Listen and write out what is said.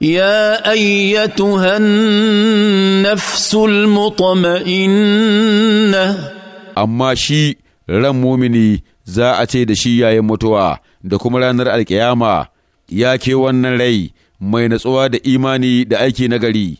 يا ايتها النفس المطمئنه amma shi ran mumini za a ce da shi yayin mutuwa da kuma ranar alkiyama ya ke wannan rai mai natsuwa da imani da aiki nagari